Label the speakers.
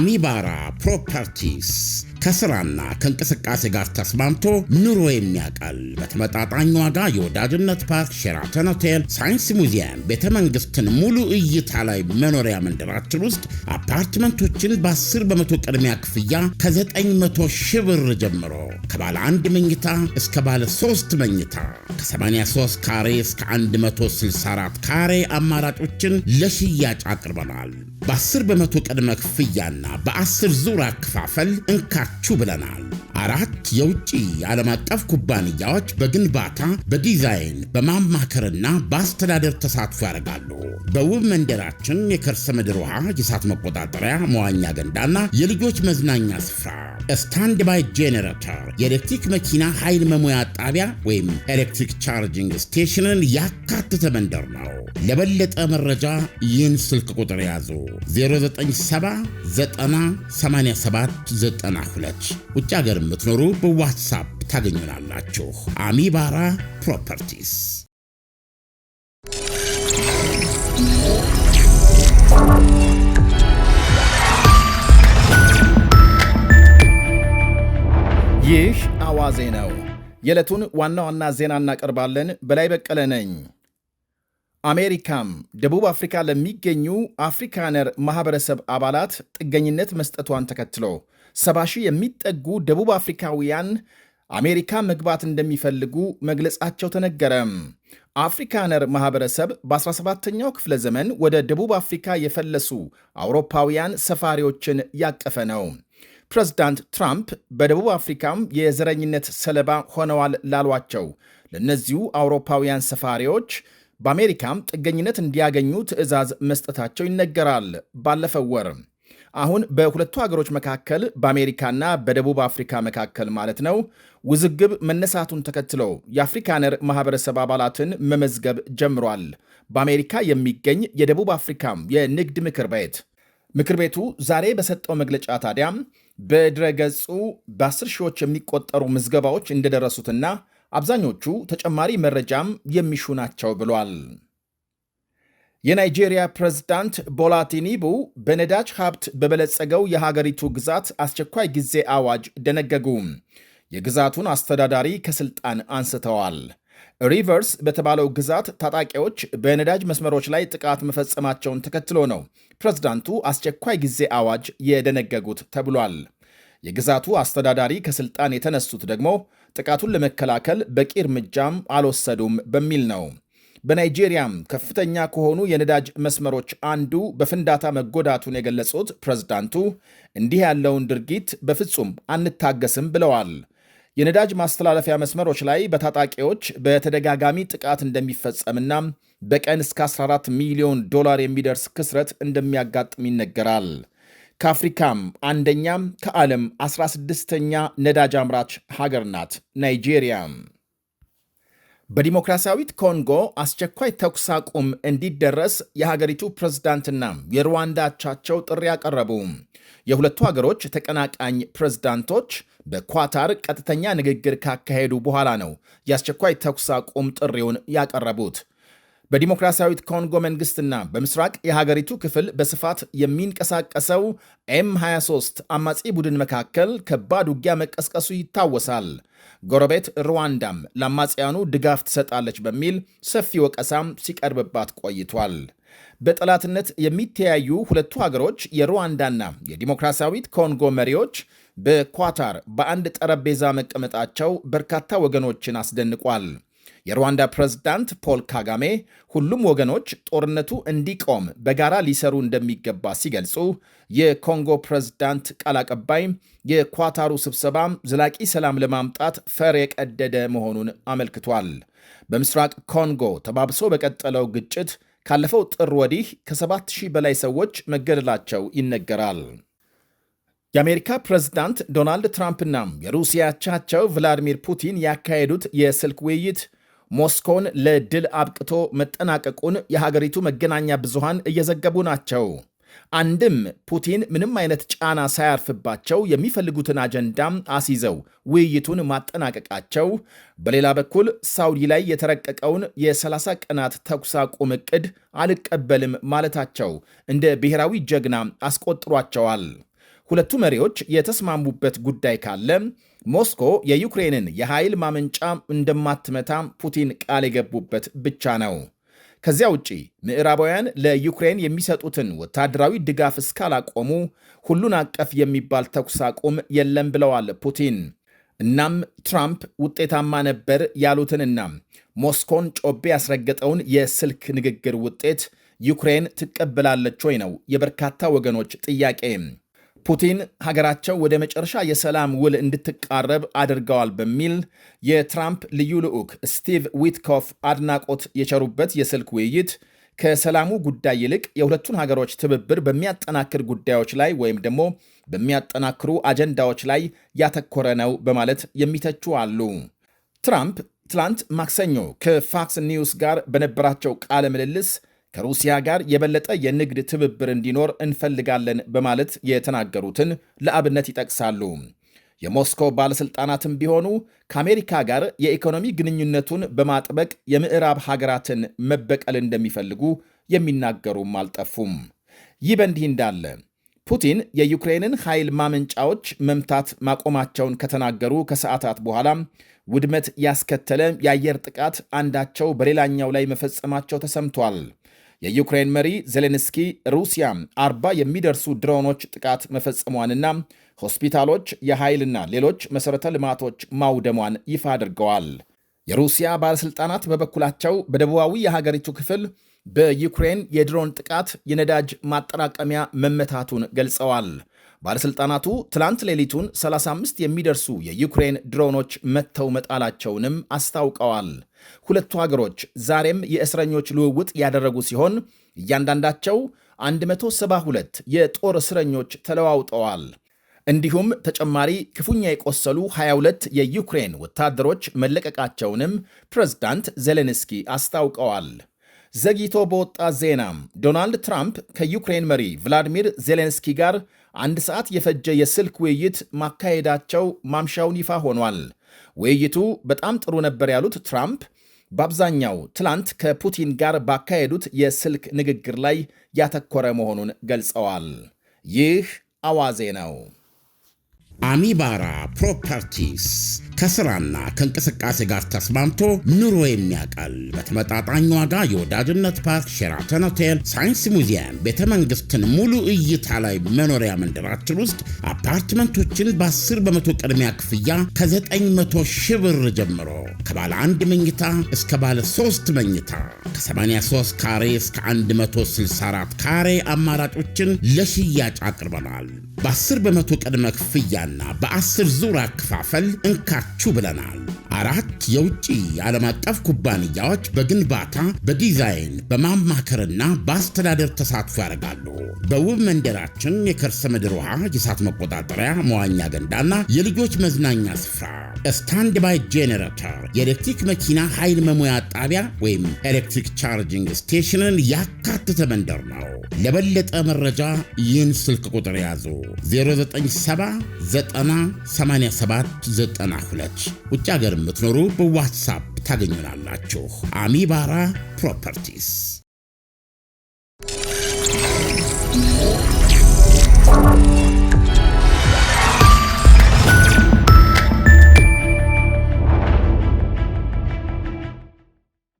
Speaker 1: Amibara Properties ከስራና ከእንቅስቃሴ ጋር ተስማምቶ ኑሮ የሚያቀል በተመጣጣኝ ዋጋ የወዳጅነት ፓርክ፣ ሼራተን ሆቴል፣ ሳይንስ ሙዚየም፣ ቤተ መንግስትን ሙሉ እይታ ላይ መኖሪያ መንደራችን ውስጥ አፓርትመንቶችን በ10 በመቶ ቅድሚያ ክፍያ ከ900 ሺህ ብር ጀምሮ ከባለ አንድ መኝታ እስከ ባለ ሶስት መኝታ ከ83 ካሬ እስከ 164 ካሬ አማራጮችን ለሽያጭ አቅርበናል። በ10 በመቶ ቅድመ ክፍያና በ10 ዙር አከፋፈል እንካ ናችሁ ብለናል። አራት የውጭ ዓለም አቀፍ ኩባንያዎች በግንባታ በዲዛይን በማማከርና በአስተዳደር ተሳትፎ ያደርጋሉ። በውብ መንደራችን የከርሰ ምድር ውሃ፣ የእሳት መቆጣጠሪያ፣ መዋኛ ገንዳና የልጆች መዝናኛ ስፍራ፣ ስታንድ ባይ ጄኔሬተር፣ የኤሌክትሪክ መኪና ኃይል መሙያ ጣቢያ ወይም ኤሌክትሪክ ቻርጅንግ ስቴሽንን ያካተተ መንደር ነው። ለበለጠ መረጃ ይህን ስልክ ቁጥር ያዙ 0979879792 ውጭ ሀገር ለምትኖሩ በዋትሳፕ ታገኙናላችሁ። አሚባራ ፕሮፐርቲስ።
Speaker 2: ይህ አዋዜ ነው። የዕለቱን ዋና ዋና ዜና እናቀርባለን። በላይ በቀለ ነኝ። አሜሪካም ደቡብ አፍሪካ ለሚገኙ አፍሪካነር ማኅበረሰብ አባላት ጥገኝነት መስጠቷን ተከትሎ ሰባ ሺህ የሚጠጉ ደቡብ አፍሪካውያን አሜሪካ መግባት እንደሚፈልጉ መግለጻቸው ተነገረ። አፍሪካነር ማህበረሰብ በ17ኛው ክፍለ ዘመን ወደ ደቡብ አፍሪካ የፈለሱ አውሮፓውያን ሰፋሪዎችን ያቀፈ ነው። ፕሬዝዳንት ትራምፕ በደቡብ አፍሪካም የዘረኝነት ሰለባ ሆነዋል ላሏቸው ለእነዚሁ አውሮፓውያን ሰፋሪዎች በአሜሪካም ጥገኝነት እንዲያገኙ ትዕዛዝ መስጠታቸው ይነገራል። ባለፈው ወር አሁን በሁለቱ ሀገሮች መካከል በአሜሪካና በደቡብ አፍሪካ መካከል ማለት ነው ውዝግብ መነሳቱን ተከትሎ የአፍሪካነር ማህበረሰብ አባላትን መመዝገብ ጀምሯል። በአሜሪካ የሚገኝ የደቡብ አፍሪካም የንግድ ምክር ቤት ምክር ቤቱ ዛሬ በሰጠው መግለጫ ታዲያ በድረገጹ በአስር ሺዎች የሚቆጠሩ ምዝገባዎች እንደደረሱትና አብዛኞቹ ተጨማሪ መረጃም የሚሹ ናቸው ብሏል። የናይጄሪያ ፕሬዝዳንት ቦላ በነዳጅ ሀብት በበለጸገው የሀገሪቱ ግዛት አስቸኳይ ጊዜ አዋጅ ደነገጉ። የግዛቱን አስተዳዳሪ ከስልጣን አንስተዋል። ሪቨርስ በተባለው ግዛት ታጣቂዎች በነዳጅ መስመሮች ላይ ጥቃት መፈጸማቸውን ተከትሎ ነው ፕሬዝዳንቱ አስቸኳይ ጊዜ አዋጅ የደነገጉት ተብሏል። የግዛቱ አስተዳዳሪ ከስልጣን የተነሱት ደግሞ ጥቃቱን ለመከላከል በቂ እርምጃም አልወሰዱም በሚል ነው። በናይጄሪያም ከፍተኛ ከሆኑ የነዳጅ መስመሮች አንዱ በፍንዳታ መጎዳቱን የገለጹት ፕሬዝዳንቱ እንዲህ ያለውን ድርጊት በፍጹም አንታገስም ብለዋል። የነዳጅ ማስተላለፊያ መስመሮች ላይ በታጣቂዎች በተደጋጋሚ ጥቃት እንደሚፈጸምና በቀን እስከ 14 ሚሊዮን ዶላር የሚደርስ ክስረት እንደሚያጋጥም ይነገራል። ከአፍሪካም አንደኛም ከዓለም 16ተኛ ነዳጅ አምራች ሀገር ናት ናይጄሪያ። በዲሞክራሲያዊት ኮንጎ አስቸኳይ ተኩስ አቁም እንዲደረስ የሀገሪቱ ፕሬዝዳንትና የሩዋንዳ አቻቸው ጥሪ አቀረቡ። የሁለቱ ሀገሮች ተቀናቃኝ ፕሬዝዳንቶች በኳታር ቀጥተኛ ንግግር ካካሄዱ በኋላ ነው የአስቸኳይ ተኩስ አቁም ጥሪውን ያቀረቡት። በዲሞክራሲያዊት ኮንጎ መንግስትና በምስራቅ የሀገሪቱ ክፍል በስፋት የሚንቀሳቀሰው ኤም 23 አማጺ ቡድን መካከል ከባድ ውጊያ መቀስቀሱ ይታወሳል። ጎረቤት ሩዋንዳም ለአማጽያኑ ድጋፍ ትሰጣለች በሚል ሰፊ ወቀሳም ሲቀርብባት ቆይቷል። በጠላትነት የሚተያዩ ሁለቱ ሀገሮች የሩዋንዳና የዲሞክራሲያዊት ኮንጎ መሪዎች በኳታር በአንድ ጠረጴዛ መቀመጣቸው በርካታ ወገኖችን አስደንቋል። የሩዋንዳ ፕሬዝዳንት ፖል ካጋሜ ሁሉም ወገኖች ጦርነቱ እንዲቆም በጋራ ሊሰሩ እንደሚገባ ሲገልጹ፣ የኮንጎ ፕሬዝዳንት ቃል አቀባይ የኳታሩ ስብሰባ ዘላቂ ሰላም ለማምጣት ፈር የቀደደ መሆኑን አመልክቷል። በምስራቅ ኮንጎ ተባብሶ በቀጠለው ግጭት ካለፈው ጥር ወዲህ ከ ሺህ በላይ ሰዎች መገደላቸው ይነገራል። የአሜሪካ ፕሬዝዳንት ዶናልድ ትራምፕና የሩሲያ አቻቸው ቭላዲሚር ፑቲን ያካሄዱት የስልክ ውይይት ሞስኮን ለድል አብቅቶ መጠናቀቁን የሀገሪቱ መገናኛ ብዙሃን እየዘገቡ ናቸው። አንድም ፑቲን ምንም አይነት ጫና ሳያርፍባቸው የሚፈልጉትን አጀንዳም አስይዘው ውይይቱን ማጠናቀቃቸው፣ በሌላ በኩል ሳውዲ ላይ የተረቀቀውን የ30 ቀናት ተኩስ አቁም እቅድ አልቀበልም ማለታቸው እንደ ብሔራዊ ጀግና አስቆጥሯቸዋል። ሁለቱ መሪዎች የተስማሙበት ጉዳይ ካለ ሞስኮ የዩክሬንን የኃይል ማመንጫ እንደማትመታ ፑቲን ቃል የገቡበት ብቻ ነው። ከዚያ ውጪ ምዕራባውያን ለዩክሬን የሚሰጡትን ወታደራዊ ድጋፍ እስካላቆሙ ሁሉን አቀፍ የሚባል ተኩስ አቁም የለም ብለዋል ፑቲን። እናም ትራምፕ ውጤታማ ነበር ያሉትንና ሞስኮን ጮቤ ያስረገጠውን የስልክ ንግግር ውጤት ዩክሬን ትቀበላለች ወይ ነው የበርካታ ወገኖች ጥያቄ። ፑቲን ሀገራቸው ወደ መጨረሻ የሰላም ውል እንድትቃረብ አድርገዋል በሚል የትራምፕ ልዩ ልዑክ ስቲቭ ዊትኮፍ አድናቆት የቸሩበት የስልክ ውይይት ከሰላሙ ጉዳይ ይልቅ የሁለቱን ሀገሮች ትብብር በሚያጠናክር ጉዳዮች ላይ ወይም ደግሞ በሚያጠናክሩ አጀንዳዎች ላይ ያተኮረ ነው በማለት የሚተቹ አሉ። ትራምፕ ትላንት ማክሰኞ ከፋክስ ኒውስ ጋር በነበራቸው ቃለ ምልልስ ከሩሲያ ጋር የበለጠ የንግድ ትብብር እንዲኖር እንፈልጋለን በማለት የተናገሩትን ለአብነት ይጠቅሳሉ። የሞስኮ ባለሥልጣናትም ቢሆኑ ከአሜሪካ ጋር የኢኮኖሚ ግንኙነቱን በማጥበቅ የምዕራብ ሀገራትን መበቀል እንደሚፈልጉ የሚናገሩም አልጠፉም። ይህ በእንዲህ እንዳለ ፑቲን የዩክሬንን ኃይል ማመንጫዎች መምታት ማቆማቸውን ከተናገሩ ከሰዓታት በኋላ ውድመት ያስከተለ የአየር ጥቃት አንዳቸው በሌላኛው ላይ መፈጸማቸው ተሰምቷል። የዩክሬን መሪ ዜሌንስኪ ሩሲያ አርባ የሚደርሱ ድሮኖች ጥቃት መፈጸሟንና ሆስፒታሎች፣ የኃይልና ሌሎች መሠረተ ልማቶች ማውደሟን ይፋ አድርገዋል። የሩሲያ ባለሥልጣናት በበኩላቸው በደቡባዊ የሀገሪቱ ክፍል በዩክሬን የድሮን ጥቃት የነዳጅ ማጠራቀሚያ መመታቱን ገልጸዋል። ባለሥልጣናቱ ትላንት ሌሊቱን 35 የሚደርሱ የዩክሬን ድሮኖች መጥተው መጣላቸውንም አስታውቀዋል። ሁለቱ ሀገሮች ዛሬም የእስረኞች ልውውጥ ያደረጉ ሲሆን እያንዳንዳቸው 172 የጦር እስረኞች ተለዋውጠዋል። እንዲሁም ተጨማሪ ክፉኛ የቆሰሉ 22 የዩክሬን ወታደሮች መለቀቃቸውንም ፕሬዝዳንት ዜሌንስኪ አስታውቀዋል። ዘግይቶ በወጣ ዜናም ዶናልድ ትራምፕ ከዩክሬን መሪ ቭላዲሚር ዜሌንስኪ ጋር አንድ ሰዓት የፈጀ የስልክ ውይይት ማካሄዳቸው ማምሻውን ይፋ ሆኗል። ውይይቱ በጣም ጥሩ ነበር ያሉት ትራምፕ በአብዛኛው ትላንት ከፑቲን ጋር ባካሄዱት የስልክ ንግግር ላይ ያተኮረ መሆኑን ገልጸዋል። ይህ አዋዜ ነው።
Speaker 1: አሚባራ ፕሮፐርቲስ ከስራና ከእንቅስቃሴ ጋር ተስማምቶ ኑሮ የሚያቀል በተመጣጣኝ ዋጋ የወዳጅነት ፓርክ፣ ሼራተን ሆቴል፣ ሳይንስ ሙዚየም፣ ቤተ መንግስትን ሙሉ እይታ ላይ መኖሪያ መንደራችን ውስጥ አፓርትመንቶችን በ10 በመቶ ቅድሚያ ክፍያ ከ900 ሺህ ብር ጀምሮ ከባለ አንድ መኝታ እስከ ባለ ሶስት መኝታ ከ83 ካሬ እስከ 164 ካሬ አማራጮችን ለሽያጭ አቅርበናል። በ10 በመቶ ቅድመ ክፍያና በ10 ዙር አከፋፈል እንካ ናችሁ ብለናል። አራት የውጭ ዓለም አቀፍ ኩባንያዎች በግንባታ በዲዛይን በማማከርና በአስተዳደር ተሳትፎ ያደርጋሉ። በውብ መንደራችን የከርሰ ምድር ውሃ፣ የእሳት መቆጣጠሪያ፣ መዋኛ ገንዳና የልጆች መዝናኛ ስፍራ፣ ስታንድ ባይ ጄኔሬተር፣ የኤሌክትሪክ መኪና ኃይል መሙያ ጣቢያ ወይም ኤሌክትሪክ ቻርጅንግ ስቴሽንን ያካተተ መንደር ነው። ለበለጠ መረጃ ይህን ስልክ ቁጥር ያዙ 0979 ትገኛለች። ውጭ ሀገር የምትኖሩ በዋትሳፕ ታገኙናላችሁ። አሚባራ ፕሮፐርቲስ